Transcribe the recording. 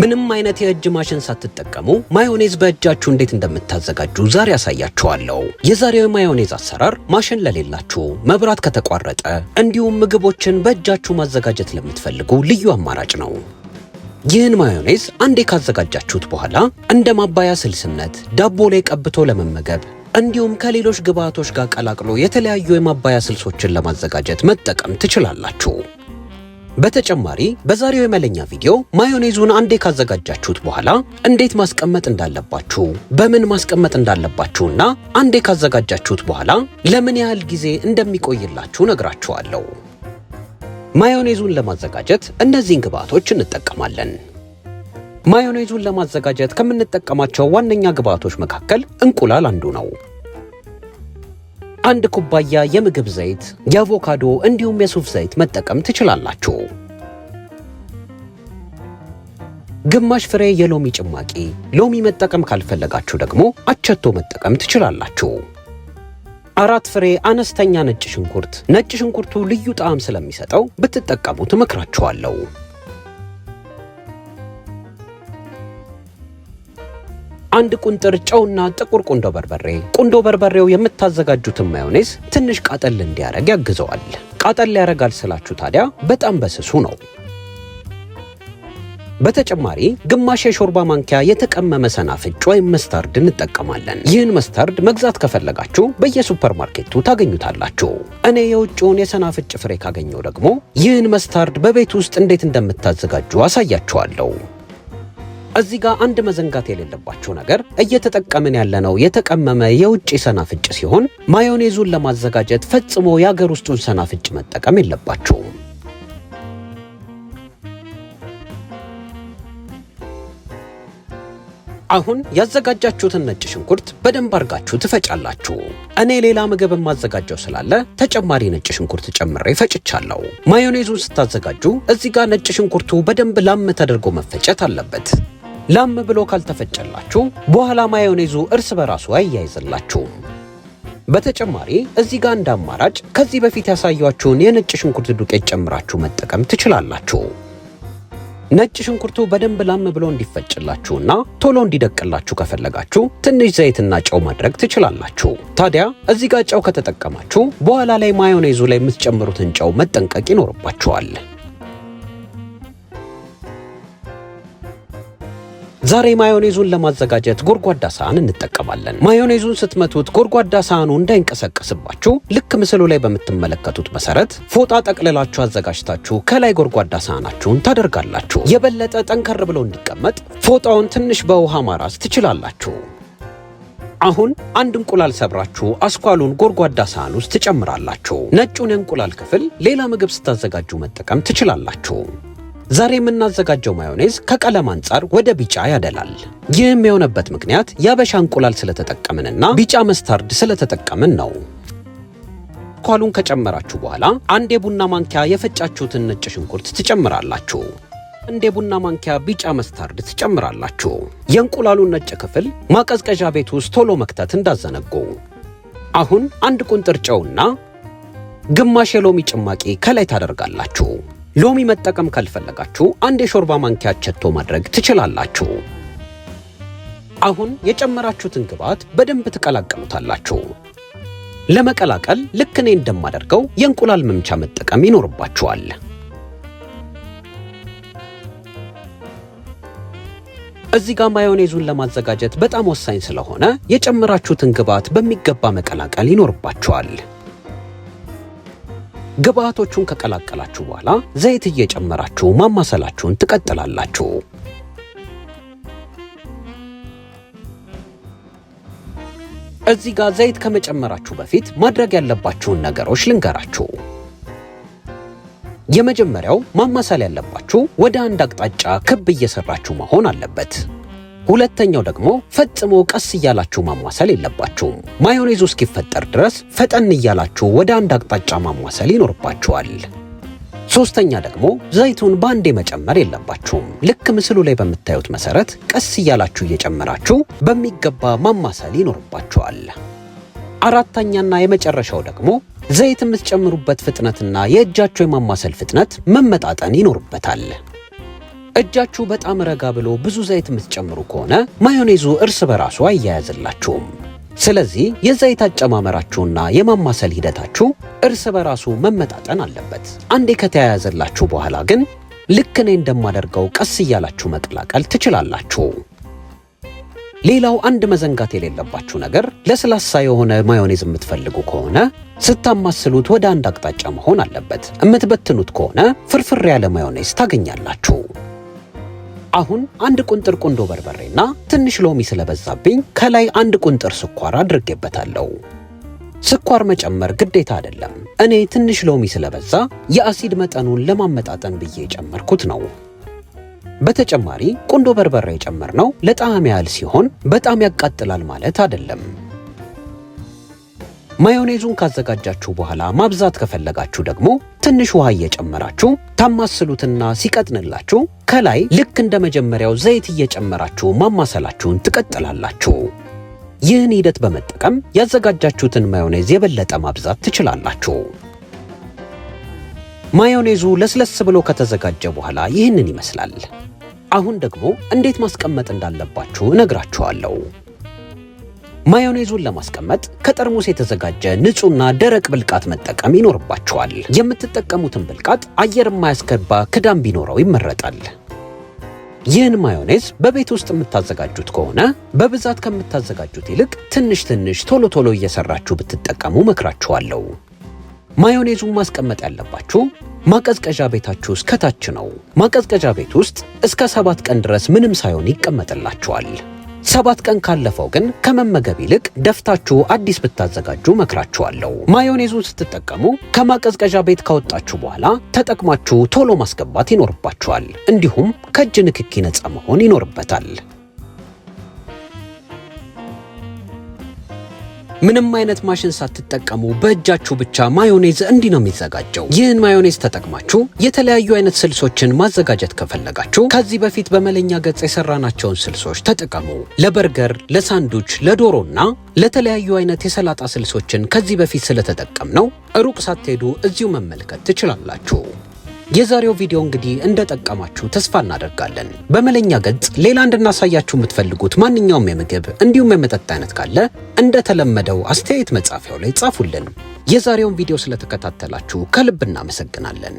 ምንም አይነት የእጅ ማሽን ሳትጠቀሙ ማዮኔዝ በእጃችሁ እንዴት እንደምታዘጋጁ ዛሬ አሳያችኋለሁ። የዛሬው ማዮኔዝ አሰራር ማሽን ለሌላችሁ፣ መብራት ከተቋረጠ እንዲሁም ምግቦችን በእጃችሁ ማዘጋጀት ለምትፈልጉ ልዩ አማራጭ ነው። ይህን ማዮኔዝ አንዴ ካዘጋጃችሁት በኋላ እንደ ማባያ ስልስነት ዳቦ ላይ ቀብቶ ለመመገብ እንዲሁም ከሌሎች ግብዓቶች ጋር ቀላቅሎ የተለያዩ የማባያ ስልሶችን ለማዘጋጀት መጠቀም ትችላላችሁ። በተጨማሪ በዛሬው የመለኛ ቪዲዮ ማዮኔዙን አንዴ ካዘጋጃችሁት በኋላ እንዴት ማስቀመጥ እንዳለባችሁ፣ በምን ማስቀመጥ እንዳለባችሁና አንዴ ካዘጋጃችሁት በኋላ ለምን ያህል ጊዜ እንደሚቆይላችሁ ነግራችኋለሁ። ማዮኔዙን ለማዘጋጀት እነዚህን ግብዓቶች እንጠቀማለን። ማዮኔዙን ለማዘጋጀት ከምንጠቀማቸው ዋነኛ ግብዓቶች መካከል እንቁላል አንዱ ነው። አንድ ኩባያ የምግብ ዘይት፣ የአቮካዶ እንዲሁም የሱፍ ዘይት መጠቀም ትችላላችሁ። ግማሽ ፍሬ የሎሚ ጭማቂ፣ ሎሚ መጠቀም ካልፈለጋችሁ ደግሞ አቸቶ መጠቀም ትችላላችሁ። አራት ፍሬ አነስተኛ ነጭ ሽንኩርት፣ ነጭ ሽንኩርቱ ልዩ ጣዕም ስለሚሰጠው ብትጠቀሙ ትመክራችኋለሁ። አንድ ቁንጥር ጨውና ጥቁር ቁንዶ በርበሬ። ቁንዶ በርበሬው የምታዘጋጁትን ማዮኔዝ ትንሽ ቃጠል እንዲያደርግ ያግዘዋል። ቃጠል ያደርጋል ስላችሁ ታዲያ በጣም በስሱ ነው። በተጨማሪ ግማሽ የሾርባ ማንኪያ የተቀመመ ሰናፍጭ ወይም መስታርድ እንጠቀማለን። ይህን መስታርድ መግዛት ከፈለጋችሁ በየሱፐር ማርኬቱ ታገኙታላችሁ። እኔ የውጭውን የሰናፍጭ ፍሬ ካገኘው ደግሞ ይህን መስታርድ በቤት ውስጥ እንዴት እንደምታዘጋጁ አሳያችኋለሁ። እዚህ ጋር አንድ መዘንጋት የሌለባቸው ነገር እየተጠቀምን ያለነው የተቀመመ የውጭ ሰናፍጭ ሲሆን ማዮኔዙን ለማዘጋጀት ፈጽሞ የአገር ውስጡን ሰናፍጭ መጠቀም የለባቸውም። አሁን ያዘጋጃችሁትን ነጭ ሽንኩርት በደንብ አድርጋችሁ ትፈጫላችሁ። እኔ ሌላ ምግብ የማዘጋጀው ስላለ ተጨማሪ ነጭ ሽንኩርት ጨምሬ ፈጭቻለሁ። ማዮኔዙን ስታዘጋጁ እዚህ ጋር ነጭ ሽንኩርቱ በደንብ ላም ተደርጎ መፈጨት አለበት። ላም ብሎ ካልተፈጨላችሁ በኋላ ማዮኔዙ እርስ በራሱ አያይዝላችሁም። በተጨማሪ እዚህ ጋር እንደ አማራጭ ከዚህ በፊት ያሳያችሁን የነጭ ሽንኩርት ዱቄት ጨምራችሁ መጠቀም ትችላላችሁ። ነጭ ሽንኩርቱ በደንብ ላም ብሎ እንዲፈጭላችሁና ቶሎ እንዲደቅላችሁ ከፈለጋችሁ ትንሽ ዘይትና ጨው ማድረግ ትችላላችሁ። ታዲያ እዚህ ጋር ጨው ከተጠቀማችሁ በኋላ ላይ ማዮኔዙ ላይ የምትጨምሩትን ጨው መጠንቀቅ ይኖርባችኋል። ዛሬ ማዮኔዙን ለማዘጋጀት ጎድጓዳ ሳህን እንጠቀማለን። ማዮኔዙን ስትመቱት ጎድጓዳ ሳህኑ እንዳይንቀሰቀስባችሁ ልክ ምስሉ ላይ በምትመለከቱት መሰረት ፎጣ ጠቅልላችሁ አዘጋጅታችሁ ከላይ ጎድጓዳ ሳህናችሁን ታደርጋላችሁ። የበለጠ ጠንከር ብሎ እንዲቀመጥ ፎጣውን ትንሽ በውሃ ማራስ ትችላላችሁ። አሁን አንድ እንቁላል ሰብራችሁ አስኳሉን ጎድጓዳ ሳህን ውስጥ ትጨምራላችሁ። ነጩን የእንቁላል ክፍል ሌላ ምግብ ስታዘጋጁ መጠቀም ትችላላችሁ። ዛሬ የምናዘጋጀው ማዮኔዝ ከቀለም አንጻር ወደ ቢጫ ያደላል። ይህም የሆነበት ምክንያት የአበሻ እንቁላል ስለተጠቀምንና ቢጫ መስታርድ ስለተጠቀምን ነው። ኳሉን ከጨመራችሁ በኋላ አንድ የቡና ማንኪያ የፈጫችሁትን ነጭ ሽንኩርት ትጨምራላችሁ። አንድ የቡና ማንኪያ ቢጫ መስታርድ ትጨምራላችሁ። የእንቁላሉን ነጭ ክፍል ማቀዝቀዣ ቤት ውስጥ ቶሎ መክተት እንዳዘነጉ። አሁን አንድ ቁንጥር ጨውና ግማሽ የሎሚ ጭማቂ ከላይ ታደርጋላችሁ። ሎሚ መጠቀም ካልፈለጋችሁ አንድ የሾርባ ማንኪያ ቸቶ ማድረግ ትችላላችሁ። አሁን የጨመራችሁትን ግብዓት በደንብ ትቀላቀሉታላችሁ። ለመቀላቀል ልክ እኔ እንደማደርገው የእንቁላል መምቻ መጠቀም ይኖርባችኋል። እዚህ ጋር ማዮኔዙን ለማዘጋጀት በጣም ወሳኝ ስለሆነ የጨመራችሁትን ግብዓት በሚገባ መቀላቀል ይኖርባችኋል። ግብአቶቹን ከቀላቀላችሁ በኋላ ዘይት እየጨመራችሁ ማማሰላችሁን ትቀጥላላችሁ። እዚህ ጋር ዘይት ከመጨመራችሁ በፊት ማድረግ ያለባችሁን ነገሮች ልንገራችሁ። የመጀመሪያው ማማሰል ያለባችሁ ወደ አንድ አቅጣጫ ክብ እየሰራችሁ መሆን አለበት። ሁለተኛው ደግሞ ፈጽሞ ቀስ እያላችሁ ማማሰል የለባችሁም። ማዮኔዙ እስኪፈጠር ድረስ ፈጠን እያላችሁ ወደ አንድ አቅጣጫ ማማሰል ይኖርባችኋል። ሶስተኛ ደግሞ ዘይቱን በአንዴ መጨመር የለባችሁም። ልክ ምስሉ ላይ በምታዩት መሰረት ቀስ እያላችሁ እየጨመራችሁ በሚገባ ማማሰል ይኖርባችኋል። አራተኛና የመጨረሻው ደግሞ ዘይት የምትጨምሩበት ፍጥነትና የእጃቸው የማማሰል ፍጥነት መመጣጠን ይኖርበታል። እጃችሁ በጣም ረጋ ብሎ ብዙ ዘይት የምትጨምሩ ከሆነ ማዮኔዙ እርስ በራሱ አያያዝላችሁም። ስለዚህ የዘይት አጨማመራችሁና የማማሰል ሂደታችሁ እርስ በራሱ መመጣጠን አለበት። አንዴ ከተያያዘላችሁ በኋላ ግን ልክ እኔ እንደማደርገው ቀስ እያላችሁ መቀላቀል ትችላላችሁ። ሌላው አንድ መዘንጋት የሌለባችሁ ነገር ለስላሳ የሆነ ማዮኔዝ የምትፈልጉ ከሆነ ስታማስሉት ወደ አንድ አቅጣጫ መሆን አለበት። የምትበትኑት ከሆነ ፍርፍር ያለ ማዮኔዝ ታገኛላችሁ። አሁን አንድ ቁንጥር ቁንዶ በርበሬና ትንሽ ሎሚ ስለበዛብኝ ከላይ አንድ ቁንጥር ስኳር አድርጌበታለሁ። ስኳር መጨመር ግዴታ አይደለም። እኔ ትንሽ ሎሚ ስለበዛ የአሲድ መጠኑን ለማመጣጠን ብዬ የጨመርኩት ነው። በተጨማሪ ቁንዶ በርበሬ የጨመርነው ለጣዕም ያህል ሲሆን በጣም ያቃጥላል ማለት አይደለም። ማዮኔዙን ካዘጋጃችሁ በኋላ ማብዛት ከፈለጋችሁ ደግሞ ትንሽ ውሃ እየጨመራችሁ ታማስሉትና ሲቀጥንላችሁ ከላይ ልክ እንደ መጀመሪያው ዘይት እየጨመራችሁ ማማሰላችሁን ትቀጥላላችሁ። ይህን ሂደት በመጠቀም ያዘጋጃችሁትን ማዮኔዝ የበለጠ ማብዛት ትችላላችሁ። ማዮኔዙ ለስለስ ብሎ ከተዘጋጀ በኋላ ይህንን ይመስላል። አሁን ደግሞ እንዴት ማስቀመጥ እንዳለባችሁ እነግራችኋለሁ። ማዮኔዙን ለማስቀመጥ ከጠርሙስ የተዘጋጀ ንጹህና ደረቅ ብልቃት መጠቀም ይኖርባቸዋል። የምትጠቀሙትን ብልቃጥ አየር የማያስገባ ክዳን ቢኖረው ይመረጣል። ይህን ማዮኔዝ በቤት ውስጥ የምታዘጋጁት ከሆነ በብዛት ከምታዘጋጁት ይልቅ ትንሽ ትንሽ ቶሎ ቶሎ እየሰራችሁ ብትጠቀሙ መክራችኋለሁ። ማዮኔዙን ማስቀመጥ ያለባችሁ ማቀዝቀዣ ቤታችሁ እስከታች ነው። ማቀዝቀዣ ቤት ውስጥ እስከ ሰባት ቀን ድረስ ምንም ሳይሆን ይቀመጥላችኋል። ሰባት ቀን ካለፈው ግን ከመመገብ ይልቅ ደፍታችሁ አዲስ ብታዘጋጁ መክራችኋለሁ። ማዮኔዙን ስትጠቀሙ ከማቀዝቀዣ ቤት ካወጣችሁ በኋላ ተጠቅማችሁ ቶሎ ማስገባት ይኖርባችኋል። እንዲሁም ከእጅ ንክኪ ነፃ መሆን ይኖርበታል። ምንም አይነት ማሽን ሳትጠቀሙ በእጃችሁ ብቻ ማዮኔዝ እንዲህ ነው የሚዘጋጀው። ይህን ማዮኔዝ ተጠቅማችሁ የተለያዩ አይነት ስልሶችን ማዘጋጀት ከፈለጋችሁ ከዚህ በፊት በመለኛ ገጽ የሰራናቸውን ስልሶች ተጠቀሙ። ለበርገር፣ ለሳንዱች፣ ለዶሮና ለተለያዩ አይነት የሰላጣ ስልሶችን ከዚህ በፊት ስለተጠቀምነው ሩቅ ሳትሄዱ እዚሁ መመልከት ትችላላችሁ። የዛሬው ቪዲዮ እንግዲህ እንደጠቀማችሁ ተስፋ እናደርጋለን። በመለኛ ገጽ ሌላ እንድናሳያችሁ የምትፈልጉት ማንኛውም የምግብ እንዲሁም የመጠጥ አይነት ካለ እንደተለመደው አስተያየት መጻፊያው ላይ ጻፉልን። የዛሬውን ቪዲዮ ስለተከታተላችሁ ከልብ እናመሰግናለን።